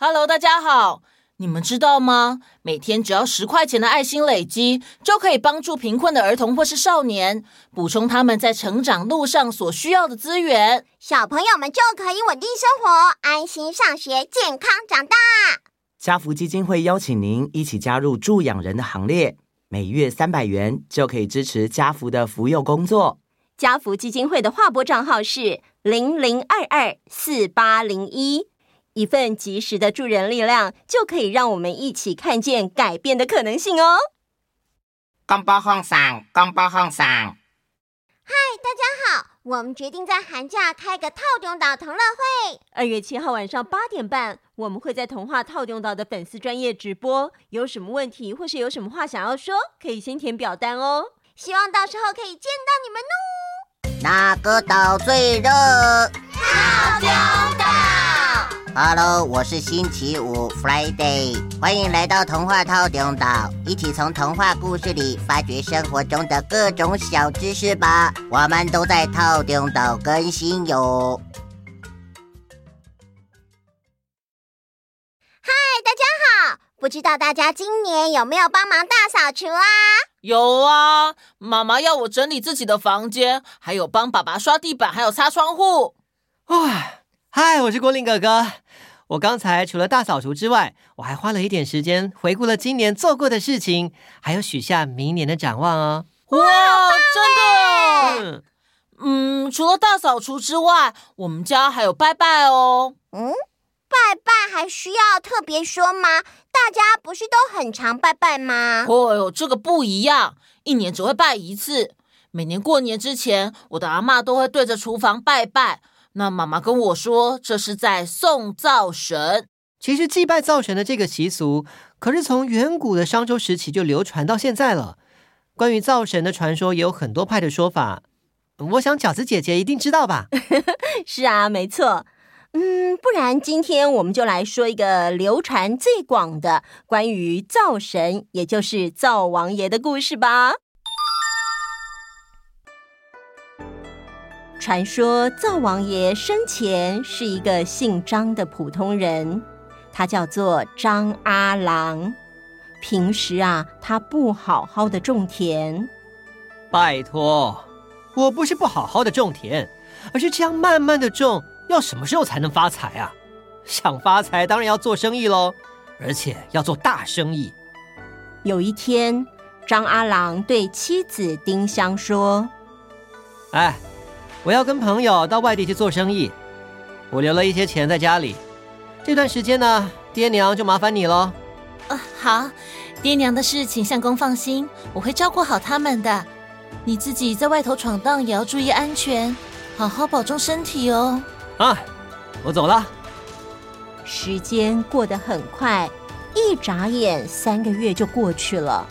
哈嘍大家好！你們知道嗎？每天只要十塊錢的愛心累積，就可以幫助貧困的兒童或是少年，補充他們在成長路上所需要的資源。小朋友們就可以穩定生活，安心上學，健康長大。家扶基金會邀請您一起加入助養人的行列，每月三百元就可以支持家扶的扶幼工作。家扶基金會的劃撥賬號是零零二二四八零一。一份及時的助人力量，就可以讓我們一起看見改變的可能性哦。廣播放送，廣播放送。嗨，大家好，我們決定在寒假開個透中島同樂會。二月七號晚上八點半，我們會在童話透中島的粉絲專頁直播。有什麼問題或是有什麼話想要說，可以先填表單哦。希望到時候可以見到你們哦。哪個島最熱？透中島。Hello，我是星期五 Friday，歡迎來到童話透中島，一起從童話故事裡發掘生活中的各種小知識吧。我們都在透中島更新喲。嗨，大家好，不知道大家今年有沒有幫忙大掃除啊？有啊，媽媽要我整理自己的房間，還有幫爸爸刷地板，還有擦窗戶。唉！嗨，Hi, 我是郭林哥哥。我剛才除了大掃除之外，我還花了一點時間回顧了今年做過的事情，還有許下明年的展望哦。哇，哇真的？嗯，除了大掃除之外，我們家還有拜拜哦。嗯，拜拜還需要特別說嗎？大家不是都很常拜拜嗎？哦喲、哎，這個不一樣，一年只會拜一次。每年過年之前，我的阿嬤都會對着廚房拜拜。那媽媽跟我說，這是在送灶神。其實，祭拜灶神的這個習俗，可是從遠古的商周時期就流傳到現在了。關於灶神的傳說也有很多派的說法，我想餃子姐姐一定知道吧？ 是啊，沒錯。嗯，不然今天我們就來說一個流傳最廣的關於灶神，也就是灶王爺的故事吧。傳說灶王爺生前是一個姓張的普通人，他叫做張阿郎。平時啊，他不好好的種田。拜托，我不是不好好的種田，而是這樣慢慢的種，要什麼時候才能發財啊？想發財當然要做生意嘍，而且要做大生意。有一天，張阿郎對妻子丁香說：“哎。”我要跟朋友到外地去做生意，我留了一些錢在家裡。這段時間呢，爹娘就麻煩你咯。啊，好，爹娘的事請相公放心，我會照顧好他們的。你自己在外頭闖蕩也要注意安全，好好保重身體哦。啊，我走了。時間過得很快，一眨眼三個月就過去了。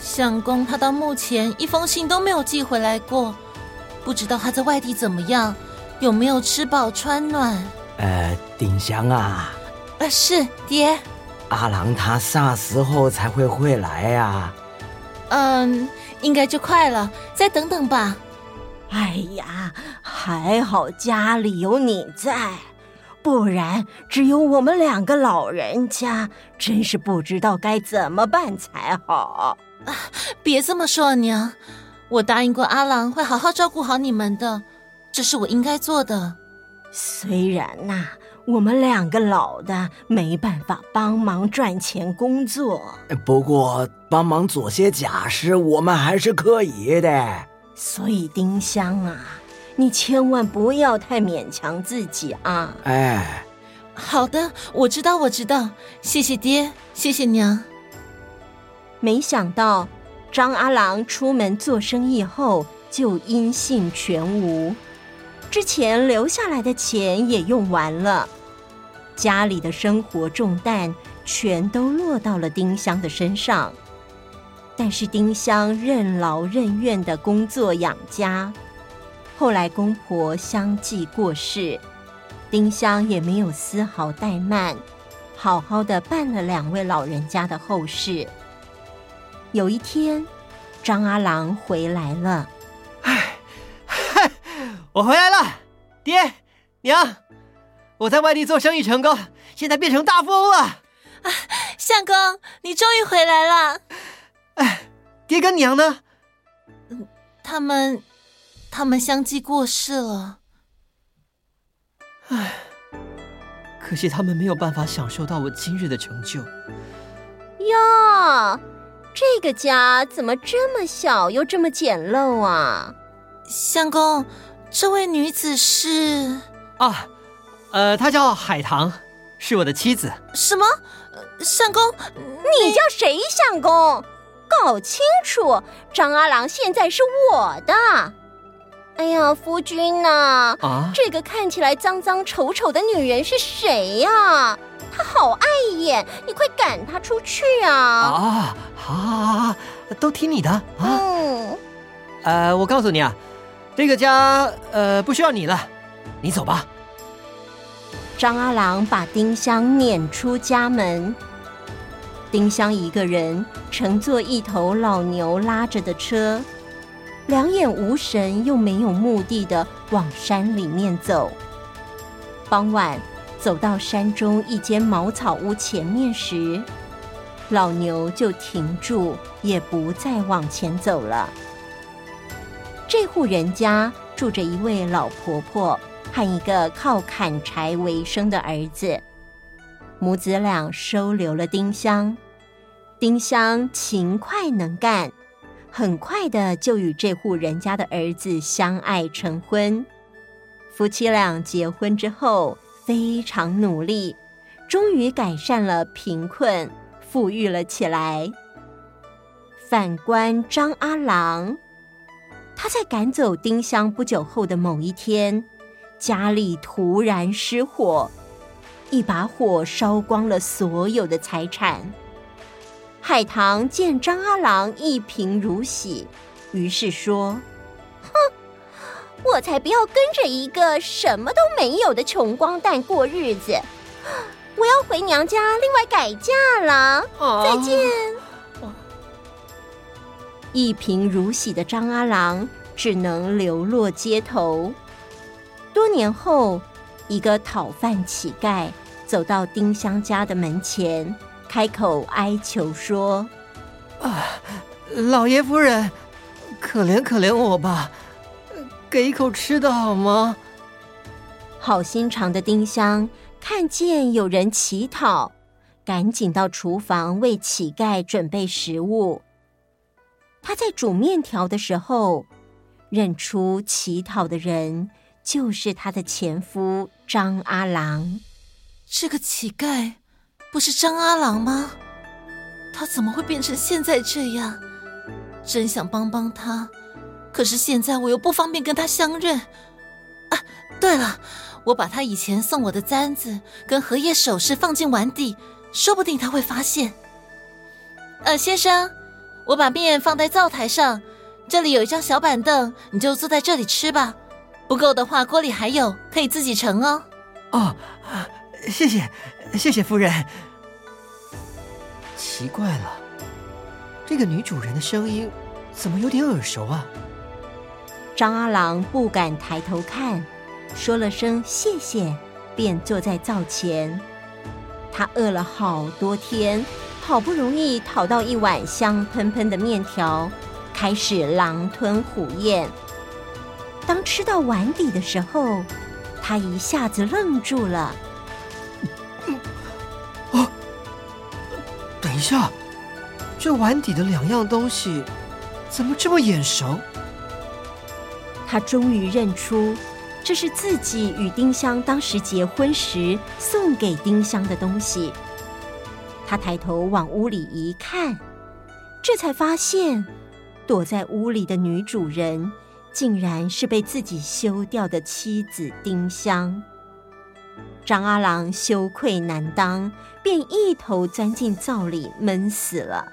相公他到目前一封信都沒有寄回來過。不知道他在外地怎麼樣，有沒有吃飽穿暖？呃，丁香啊，呃，是爹。阿郎他啥時候才會回來呀，啊？嗯，應該就快了，再等等吧。哎呀，還好家裡有你在，不然只有我們兩個老人家，真是不知道該怎麼辦才好。別這麼說，啊，娘。我答應過阿郎，會好好照顧好你們的，這是我應該做的。雖然吶、啊，我們兩個老的沒辦法幫忙賺錢工作，不過幫忙做些家事，我們還是可以的。所以丁香啊，你千萬不要太勉強自己啊！哎，好的，我知道，我知道，謝謝爹，謝謝娘。沒想到。張阿郎出門做生意後就音信全無，之前留下來的錢也用完了，家裡的生活重擔全都落到了丁香的身上。但是丁香任勞任怨的工作養家，後來公婆相繼過世，丁香也沒有絲毫怠慢，好好的辦了兩位老人家的後事。有一天，張阿郎回來了。哎，嗨，我回來了，爹，娘，我在外地做生意成功，現在變成大富翁了。啊，相公，你終於回來了。哎，爹跟娘呢？嗯，他們，他們相繼過世了。哎，可惜他們沒有辦法享受到我今日的成就。喲。這個家怎麼這麼小又這麼簡陋啊？相公，這位女子是啊？呃，她叫海棠，是我的妻子。什麼？呃，相公，你，你叫誰相公？搞清楚，張阿郎現在是我的。哎呀，夫君吶，啊，啊這個看起來髒髒醜醜的女人是誰呀，啊？她好礙眼，你快趕她出去啊！啊，好，好，好，好，都聽你的啊。嗯，呃，我告訴你啊，這個家呃不需要你了，你走吧。張阿郎把丁香攆出家門，丁香一個人乘坐一頭老牛拉着的車。兩眼無神又沒有目的的往山裡面走。傍晚，走到山中一間茅草屋前面時，老牛就停住，也不再往前走了。這戶人家住着一位老婆婆和一個靠砍柴為生的兒子，母子倆收留了丁香。丁香勤快能幹。很快的就與這戶人家的兒子相愛成婚，夫妻倆結婚之後非常努力，終於改善了貧困，富裕了起來。反觀張阿郎，他在趕走丁香不久後的某一天，家裡突然失火，一把火燒光了所有的財產。海棠見張阿郎一貧如洗，於是說：“哼，我才不要跟着一個什麼都沒有的窮光蛋過日子，我要回娘家另外改嫁了。啊，再見。”一貧如洗的張阿郎只能流落街頭。多年後，一個討飯乞丐走到丁香家的門前。開口哀求說：“啊，老爺夫人，可憐可憐我吧，給一口吃的好嗎？”好心腸的丁香看見有人乞討，趕緊到廚房為乞丐準備食物。她在煮麵條的時候，認出乞討的人就是她的前夫張阿郎。這個乞丐。不是張阿郎嗎？他怎麼會變成現在這樣？真想幫幫他，可是現在我又不方便跟他相認。啊，對了，我把他以前送我的簪子跟荷葉首飾放進碗底，說不定他會發現。呃，先生，我把麵放在灶台上，這裡有一張小板凳，你就坐在這裡吃吧。不夠的話，鍋裡還有，可以自己盛哦。哦，謝謝，謝謝夫人。奇怪了，這個女主人的聲音怎麼有點耳熟啊？張阿郎不敢抬頭看，說了聲謝謝，便坐在灶前。他餓了好多天，好不容易討到一碗香噴噴的麵條，開始狼吞虎嚥。當吃到碗底的時候，他一下子愣住了。呀，這碗底的兩樣東西，怎麼這麼眼熟？他終於認出，這是自己與丁香當時結婚時送給丁香的東西。他抬頭往屋裡一看，這才發現，躲在屋裡的女主人，竟然是被自己休掉的妻子丁香。張阿郎羞愧難當，便一頭鑽進灶裡悶死了。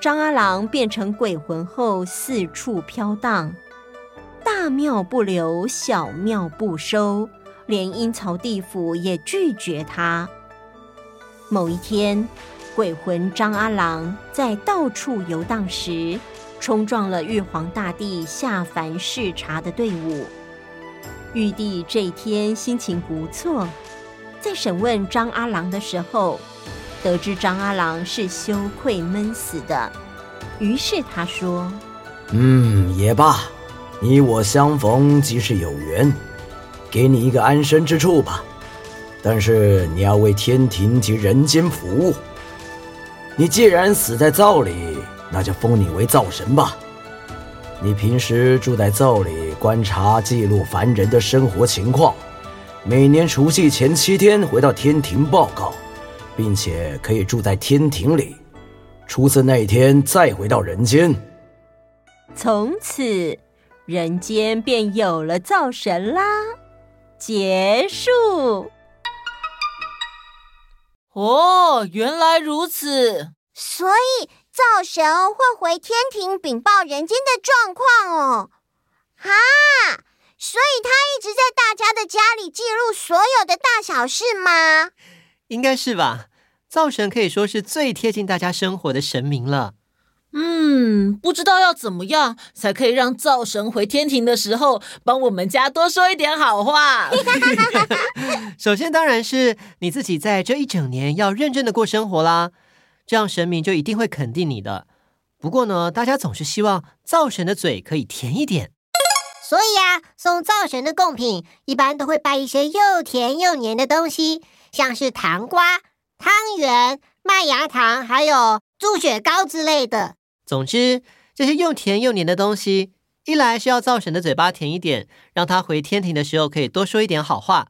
張阿郎變成鬼魂後，四處飄蕩，大廟不留，小廟不收，連陰曹地府也拒絕他。某一天，鬼魂張阿郎在到處遊蕩時，衝撞了玉皇大帝下凡視察的隊伍。玉帝這一天心情不錯，在審問張阿郎的時候，得知張阿郎是羞愧悶死的，於是他說：“嗯，也罷，你我相逢即是有緣，給你一個安身之處吧。但是你要為天庭及人間服務。你既然死在灶裡，那就封你為灶神吧。”你平時住在灶裡，觀察記錄凡人的生活情況，每年除夕前七天回到天庭報告，並且可以住在天庭裡，除夕那一天再回到人間。從此，人間便有了灶神啦。結束。哦，原來如此。所以。灶神會回天庭稟報人間的狀況哦，哈，所以他一直在大家的家裡記錄所有的大小事嗎？應該是吧。灶神可以說是最貼近大家生活的神明了。嗯，不知道要怎麼樣才可以讓灶神回天庭的時候幫我們家多說一點好話。 首先當然是你自己在這一整年要認真的過生活啦。這樣神明就一定會肯定你的。不過呢，大家總是希望灶神的嘴可以甜一點，所以啊，送灶神的貢品一般都會拜一些又甜又黏的東西，像是糖瓜、湯圓、麥芽糖，還有豬血糕之類的。總之，這些又甜又黏的東西，一來是要灶神的嘴巴甜一點，讓他回天庭的時候可以多說一點好話；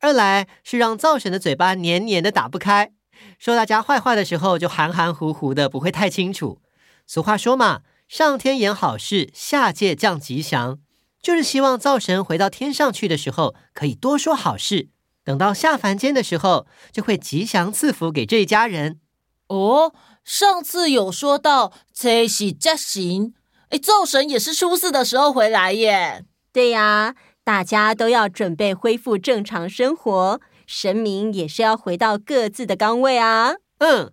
二來是讓灶神的嘴巴黏黏的打不開。說大家壞話的時候，就含含糊糊的，不會太清楚。俗話說嘛，上天言好事，下界降吉祥，就是希望灶神回到天上去的時候，可以多說好事。等到下凡間的時候，就會吉祥賜福給這一家人。哦，上次有說到七喜佳行，哎，灶神也是初四的時候回來耶。對呀、啊，大家都要準備恢復正常生活。神明也是要回到各自的崗位啊！嗯，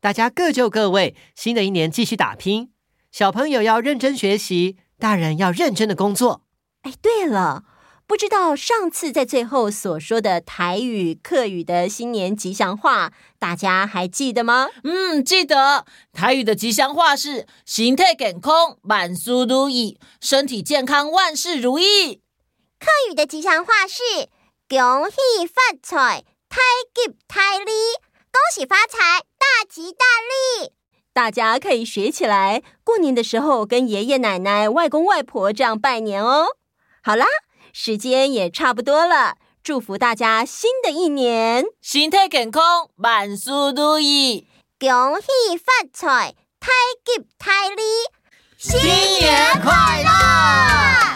大家各就各位，新的一年繼續打拼。小朋友要認真學習，大人要認真的工作。哎，對了，不知道上次在最後所說的台語、客語的新年吉祥話，大家還記得嗎？嗯，記得。台語的吉祥話是“身體健康，萬事如意，身體健康，萬事如意”。客語的吉祥話是。恭喜發財，大吉大利！恭喜發財，大吉大利！大家可以學起來，過年的時候跟爺爺奶奶、外公外婆這樣拜年哦。好啦，時間也差不多了，祝福大家新的一年身體健康，萬事如意，恭喜發財，大吉大利，新年快樂！